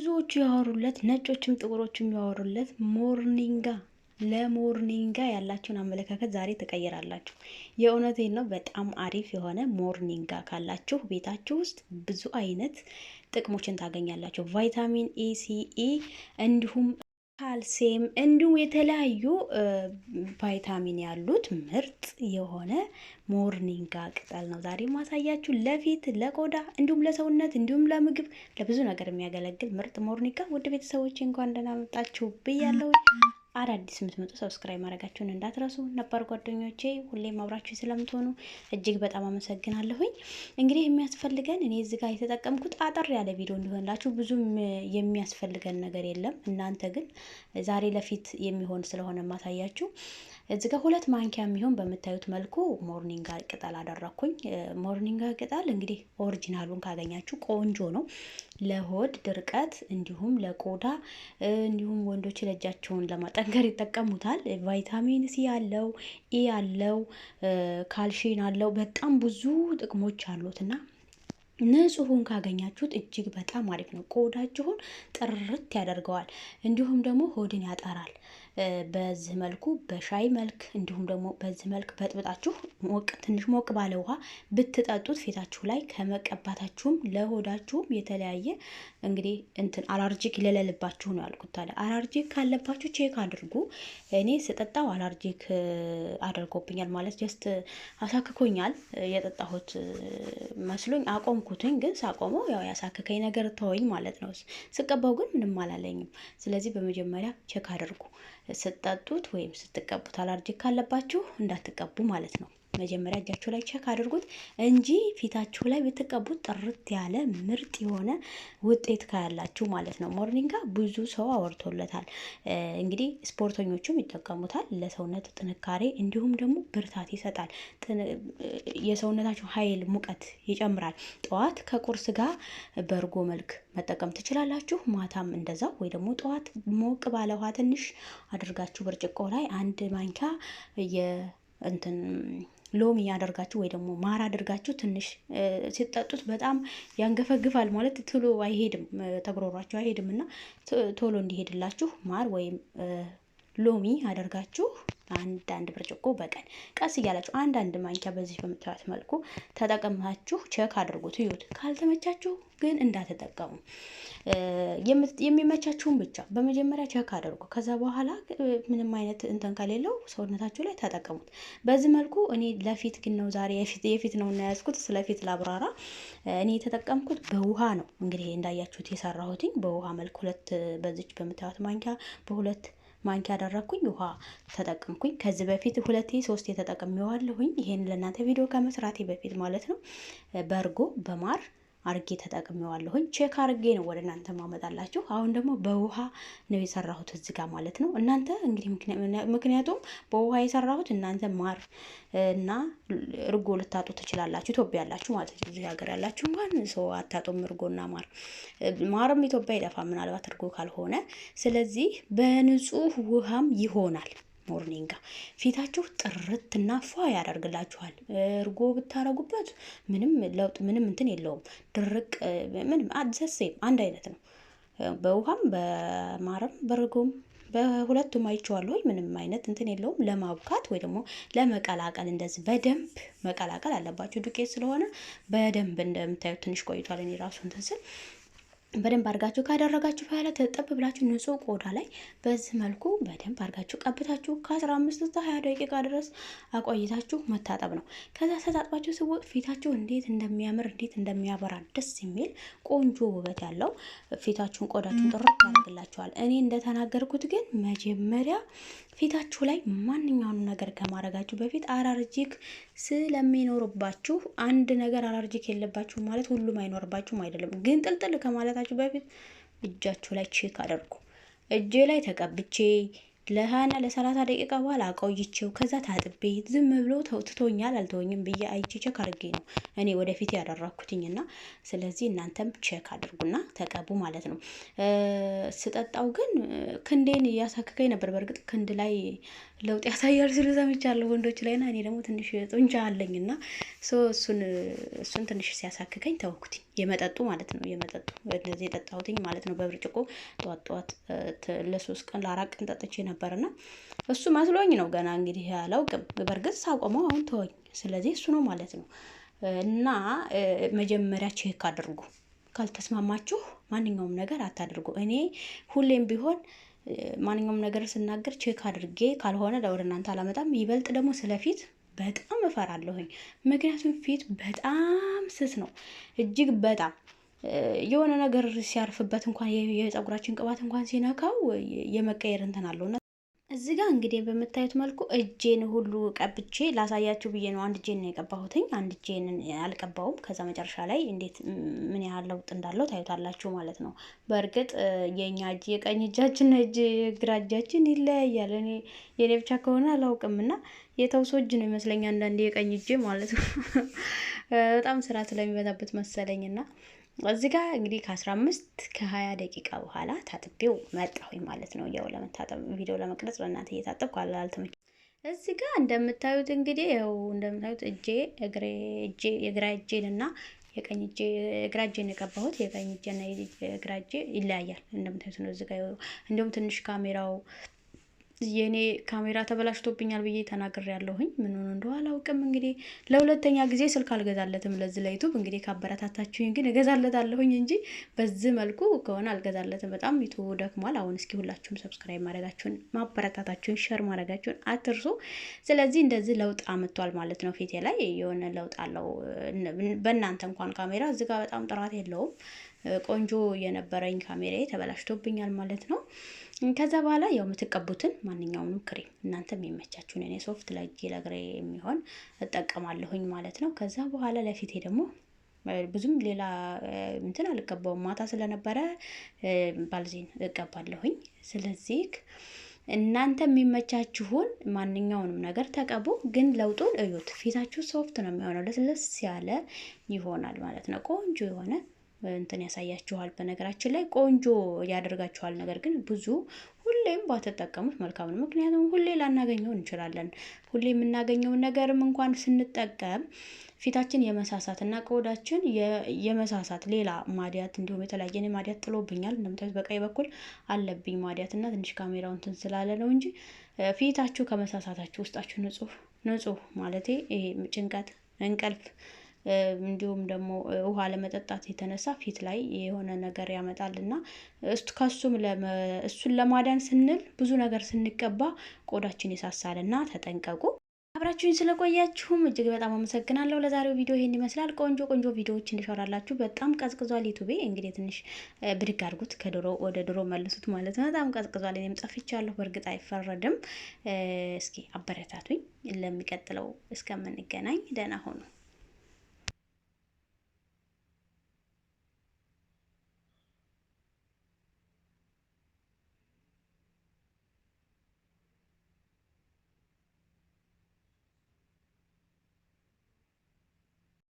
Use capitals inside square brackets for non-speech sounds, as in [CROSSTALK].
ብዙዎቹ ያወሩለት ነጮችም ጥቁሮችም ያወሩለት ሞርኒንጋ ለሞርኒንጋ ያላችሁን አመለካከት ዛሬ ትቀይራላችሁ። የእውነቴን ነው። በጣም አሪፍ የሆነ ሞርኒንጋ ካላችሁ ቤታችሁ ውስጥ ብዙ አይነት ጥቅሞችን ታገኛላችሁ። ቫይታሚን ኢ፣ ሲ ኢ እንዲሁም ካልሲየም እንዲሁም የተለያዩ ቫይታሚን ያሉት ምርጥ የሆነ ሞርኒንጋ ቅጠል ነው ዛሬ ማሳያችሁ። ለፊት ለቆዳ፣ እንዲሁም ለሰውነት፣ እንዲሁም ለምግብ ለብዙ ነገር የሚያገለግል ምርጥ ሞርኒንጋ። ውድ ቤተሰቦች እንኳን ደህና መጣችሁ ብያለሁ። አዳዲስ የምትመጡ ሰብስክራይብ ማድረጋችሁን እንዳትረሱ። ነባር ጓደኞቼ ሁሌም ማብራችሁ ስለምትሆኑ እጅግ በጣም አመሰግናለሁኝ። እንግዲህ የሚያስፈልገን እኔ እዚህ ጋር የተጠቀምኩት አጠር ያለ ቪዲዮ እንዲሆንላችሁ ብዙም የሚያስፈልገን ነገር የለም። እናንተ ግን ዛሬ ለፊት የሚሆን ስለሆነ ማሳያችሁ እዚህ ጋር ሁለት ማንኪያ የሚሆን በምታዩት መልኩ ሞርኒንጋ ቅጠል አደረኩኝ። ሞርኒንጋ ቅጠል እንግዲህ ኦሪጂናሉን ካገኛችሁ ቆንጆ ነው። ለሆድ ድርቀት እንዲሁም ለቆዳ እንዲሁም ወንዶች ለእጃቸውን ለማጠንከር ይጠቀሙታል። ቫይታሚን ሲ ያለው ኢ ያለው ካልሽን አለው በጣም ብዙ ጥቅሞች አሉት እና ንጹሁን ካገኛችሁት እጅግ በጣም አሪፍ ነው። ቆዳችሁን ጥርት ያደርገዋል፣ እንዲሁም ደግሞ ሆድን ያጠራል። በዚህ መልኩ በሻይ መልክ እንዲሁም ደግሞ በዚህ መልክ በጥብጣችሁ ሞቅ ትንሽ ሞቅ ባለ ውሃ ብትጠጡት ፊታችሁ ላይ ከመቀባታችሁም ለሆዳችሁም የተለያየ እንግዲህ እንትን አላርጂክ ይለለልባችሁ ነው ያልኩት። አለ አላርጂክ ካለባችሁ ቼክ አድርጉ። እኔ ስጠጣው አላርጂክ አድርጎብኛል ማለት ጀስት አሳክኮኛል። የጠጣሁት መስሎኝ አቆምኩትኝ፣ ግን ሳቆመው ያው ያሳክከኝ ነገር ተወኝ ማለት ነው። ስቀባው ግን ምንም አላለኝም። ስለዚህ በመጀመሪያ ቼክ አድርጉ። ስትጠጡት ወይም ስትቀቡት አላርጂ ካለባችሁ እንዳትቀቡ ማለት ነው። መጀመሪያ እጃችሁ ላይ ቼክ አድርጉት እንጂ ፊታችሁ ላይ ብትቀቡት ጥርት ያለ ምርጥ የሆነ ውጤት ካያላችሁ ማለት ነው። ሞርኒንጋ ብዙ ሰው አወርቶለታል። እንግዲህ ስፖርተኞቹም ይጠቀሙታል። ለሰውነት ጥንካሬ እንዲሁም ደግሞ ብርታት ይሰጣል። የሰውነታችሁ ኃይል ሙቀት ይጨምራል። ጠዋት ከቁርስ ጋር በእርጎ መልክ መጠቀም ትችላላችሁ። ማታም እንደዛው ወይ ደግሞ ጠዋት ሞቅ ባለ ውሃ ትንሽ አድርጋችሁ ብርጭቆ ላይ አንድ ማንኪያ እንትን ሎሚ ያደርጋችሁ ወይ ደግሞ ማር አድርጋችሁ ትንሽ ሲጠጡት በጣም ያንገፈግፋል ማለት ቶሎ አይሄድም፣ ተጉሮሯችሁ አይሄድም እና ቶሎ እንዲሄድላችሁ ማር ወይም ሎሚ አደርጋችሁ አንድ አንድ ብርጭቆ በቀን ቀስ እያላችሁ አንድ አንድ ማንኪያ በዚህ በምታዩት መልኩ ተጠቅማችሁ ቸክ አድርጉት፣ ይዩት። ካልተመቻችሁ ግን እንዳትጠቀሙ፣ የሚመቻችሁን ብቻ በመጀመሪያ ቸክ አድርጉ። ከዛ በኋላ ምንም አይነት እንትን ከሌለው ሰውነታችሁ ላይ ተጠቀሙት። በዚህ መልኩ እኔ ለፊት ግን ነው ዛሬ የፊት ነው እናያዝኩት። ስለፊት ላብራራ። እኔ የተጠቀምኩት በውሃ ነው። እንግዲህ እንዳያችሁት የሰራሁትኝ በውሃ መልክ ሁለት በዚች በምታዩት ማንኪያ በሁለት ማንኪያ አደረግኩኝ፣ ውሃ ተጠቀምኩኝ። ከዚህ በፊት ሁለቴ ሶስቴ ተጠቅሜዋለሁኝ። ይሄን ለእናንተ ቪዲዮ ከመስራቴ በፊት ማለት ነው። በእርጎ በማር አርጌ ተጠቅሜዋለሁኝ። ቼክ አርጌ ነው ወደ እናንተ ማመጣላችሁ። አሁን ደግሞ በውሃ ነው የሰራሁት እዚህ ጋር ማለት ነው። እናንተ እንግዲህ ምክንያቱም በውሃ የሰራሁት እናንተ ማር እና እርጎ ልታጡ ትችላላችሁ። ኢትዮጵያ ያላችሁ ማለት ነው። እዚህ ሀገር ያላችሁ እንኳን ሰው አታጡም እርጎና ማር። ማርም ኢትዮጵያ ይጠፋ ምናልባት እርጎ ካልሆነ። ስለዚህ በንጹህ ውሃም ይሆናል። ሞርኒንግ ፊታችሁ ጥርት እና ፏ ያደርግላችኋል። እርጎ ብታረጉበት ምንም ለውጥ ምንም እንትን የለውም። ድርቅ ምንም አዘሴም አንድ አይነት ነው። በውሃም በማረም በርጎም በሁለቱም አይቼዋለሁ። ምንም አይነት እንትን የለውም። ለማብካት ወይ ደግሞ ለመቀላቀል እንደዚህ በደንብ መቀላቀል አለባችሁ። ዱቄት ስለሆነ በደንብ እንደምታዩ ትንሽ ቆይቷል። እኔ ራሱ እንትን ስል በደንብ አድርጋችሁ ካደረጋችሁ በኋላ ተጠብ ብላችሁ ንጹህ ቆዳ ላይ በዚህ መልኩ በደንብ አድርጋችሁ ቀብታችሁ ከ15 እስከ 20 ደቂቃ ድረስ አቆይታችሁ መታጠብ ነው። ከዛ ተጣጥባችሁ ስወጥ ፊታችሁ እንዴት እንደሚያምር እንዴት እንደሚያበራ ደስ የሚል ቆንጆ ውበት ያለው ፊታችሁን ቆዳችሁን ጥርት ያደርግላችኋል። እኔ እንደተናገርኩት ግን መጀመሪያ ፊታችሁ ላይ ማንኛውንም ነገር ከማድረጋችሁ በፊት አላርጂክ ስለሚኖርባችሁ አንድ ነገር አላርጂክ የለባችሁ ማለት ሁሉም አይኖርባችሁም አይደለም፣ ግን ጥልጥል ከማለት ከመቀባታችሁ በፊት እጃችሁ ላይ ቼክ አድርጉ። እጄ ላይ ተቀብቼ ለሀና ለሰላሳ ደቂቃ በኋላ አቆይቼው ከዛ ታጥቤ ዝም ብሎ ትቶኛል አልተወኝም ብዬ አይቼ ቼክ አድርጌ ነው እኔ ወደፊት ያደረኩትኝ እና ስለዚህ እናንተም ቼክ አድርጉና ተቀቡ ማለት ነው። ስጠጣው ግን ክንዴን እያሳክከኝ ነበር። በእርግጥ ክንድ ላይ ለውጥ ያሳያል ሲሉ ሰምቻለሁ ወንዶች ላይና፣ እኔ ደግሞ ትንሽ ጡንቻ አለኝና እሱን ትንሽ ሲያሳክከኝ ተወኩትኝ። የመጠጡ ማለት ነው። የመጠጡ እንደዚህ የጠጣሁትኝ ማለት ነው በብርጭቆ ጠዋት ጠዋት ለሶስት ቀን ለአራት ቀን ጠጥቼ ነበርና እሱ መስሎኝ ነው ገና እንግዲህ አላውቅም። በእርግጥ ሳቆመው አሁን ተወኝ። ስለዚህ እሱ ነው ማለት ነው። እና መጀመሪያ ቼክ አድርጉ። ካልተስማማችሁ ማንኛውም ነገር አታድርጉ። እኔ ሁሌም ቢሆን ማንኛውም ነገር ስናገር ቼክ አድርጌ ካልሆነ ወደ እናንተ አላመጣም። ይበልጥ ደግሞ ስለፊት በጣም እፈራለሁኝ። ምክንያቱም ፊት በጣም ስስ ነው፣ እጅግ በጣም የሆነ ነገር ሲያርፍበት እንኳን የፀጉራችን ቅባት እንኳን ሲነካው የመቀየር እንትን አለውና እዚህ ጋር እንግዲህ በምታዩት መልኩ እጄን ሁሉ ቀብቼ ላሳያችሁ ብዬ ነው። አንድ እጄን ነው የቀባሁትኝ፣ አንድ እጄን አልቀባውም። ከዛ መጨረሻ ላይ እንዴት ምን ያህል ለውጥ እንዳለው ታዩታላችሁ ማለት ነው። በእርግጥ የእኛ እጅ የቀኝ እጃችን እጅ የግራ እጃችን ይለያያል። የኔ ብቻ ከሆነ አላውቅምና የተውሶ እጅ ነው ይመስለኝ አንዳንዴ የቀኝ እጄ ማለት ነው። [LAUGHS] በጣም ስራ ስለሚበዛበት መሰለኝና እዚህ ጋር እንግዲህ ከ15 ከ20 ደቂቃ በኋላ ታጥቤው መጣሁኝ ማለት ነው። ያው ለመታጠብ ቪዲዮ ለመቅረጽ ለእናንተ እየታጠብኩ አልተመቸኝም። እዚህ ጋር እንደምታዩት እንግዲህ ያው እንደምታዩት እጄ እግሬ እጄ የግራ እጄን እና የቀኝ እጄ የግራ እጄን የቀባሁት የቀኝ እጄ እጄና የግራ እጄ ይለያያል። እንደምታዩት ነው። እዚህ ጋር እንዲሁም ትንሽ ካሜራው የኔ ካሜራ ተበላሽቶብኛል ብዬ ተናግሬ ያለሁኝ ምን እንደው አላውቅም። እንግዲህ ለሁለተኛ ጊዜ ስልክ አልገዛለትም ለዚህ ለዩቱብ እንግዲህ ካበረታታችሁኝ ግን እገዛለታለሁኝ እንጂ በዚህ መልኩ ከሆነ አልገዛለትም። በጣም ዩቱቡ ደክሟል። አሁን እስኪ ሁላችሁም ሰብስክራይብ ማድረጋችሁን፣ ማበረታታችሁን፣ ሸር ማድረጋችሁን አትርሱ። ስለዚህ እንደዚህ ለውጥ አምጥቷል ማለት ነው። ፊቴ ላይ የሆነ ለውጥ አለው። በእናንተ እንኳን ካሜራ እዚህ ጋር በጣም ጥራት የለውም። ቆንጆ የነበረኝ ካሜራ ተበላሽቶብኛል ማለት ነው። ከዛ በኋላ ያው የምትቀቡትን ማንኛውንም ክሬም እናንተም የሚመቻችሁን እኔ ሶፍት ለእጄ ለግሬ የሚሆን እጠቀማለሁኝ ማለት ነው። ከዛ በኋላ ለፊቴ ደግሞ ብዙም ሌላ እንትን አልቀባውም። ማታ ስለነበረ ባልዚን እቀባለሁኝ። ስለዚህ እናንተ የሚመቻችሁን ማንኛውንም ነገር ተቀቡ፣ ግን ለውጡን እዩት። ፊታችሁ ሶፍት ነው የሚሆነው፣ ለስለስ ያለ ይሆናል ማለት ነው። ቆንጆ የሆነ እንትን ያሳያችኋል። በነገራችን ላይ ቆንጆ ያደርጋችኋል፣ ነገር ግን ብዙ ሁሌም ባትጠቀሙት መልካም ነው። ምክንያቱም ሁሌ ላናገኘው እንችላለን። ሁሌ የምናገኘውን ነገርም እንኳን ስንጠቀም ፊታችን የመሳሳት እና ቆዳችን የመሳሳት ሌላ ማዲያት እንዲሁም የተለያየ ማዲያት ጥሎብኛል። እንደምታዩት በቀኝ በኩል አለብኝ ማዲያት እና ትንሽ ካሜራው እንትን ስላለ ነው እንጂ ፊታችሁ ከመሳሳታችሁ ውስጣችሁ ንጹህ ንጹህ ማለቴ ይሄ ጭንቀት እንቅልፍ እንዲሁም ደግሞ ውሃ ለመጠጣት የተነሳ ፊት ላይ የሆነ ነገር ያመጣል እና ከሱም እሱን ለማዳን ስንል ብዙ ነገር ስንቀባ ቆዳችን ይሳሳል እና ተጠንቀቁ። አብራችሁኝ ስለቆያችሁም እጅግ በጣም አመሰግናለሁ። ለዛሬው ቪዲዮ ይሄን ይመስላል። ቆንጆ ቆንጆ ቪዲዮዎች እንዲሰራላችሁ። በጣም ቀዝቅዟል ዩቱቤ። እንግዲህ ትንሽ ብድግ አድርጉት፣ ከድሮ ወደ ድሮ መልሱት ማለት ነው። በጣም ቀዝቅዟል። እኔም ጠፍቻለሁ። በእርግጥ አይፈረድም። እስኪ አበረታቱኝ። ለሚቀጥለው እስከምንገናኝ ደህና ሆኑ።